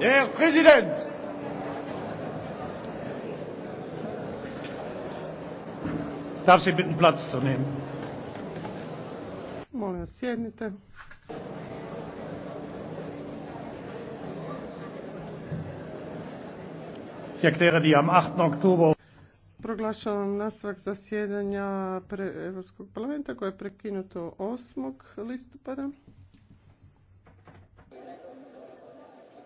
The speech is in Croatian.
Herr Präsident! Darf Sie bitten, Platz zu nehmen? Molim vas, sjednite. Ich erkläre die am 8. Oktober Proglašavam nastavak zasjedanja pre Europskog parlamenta koje je prekinuto 8. listopada.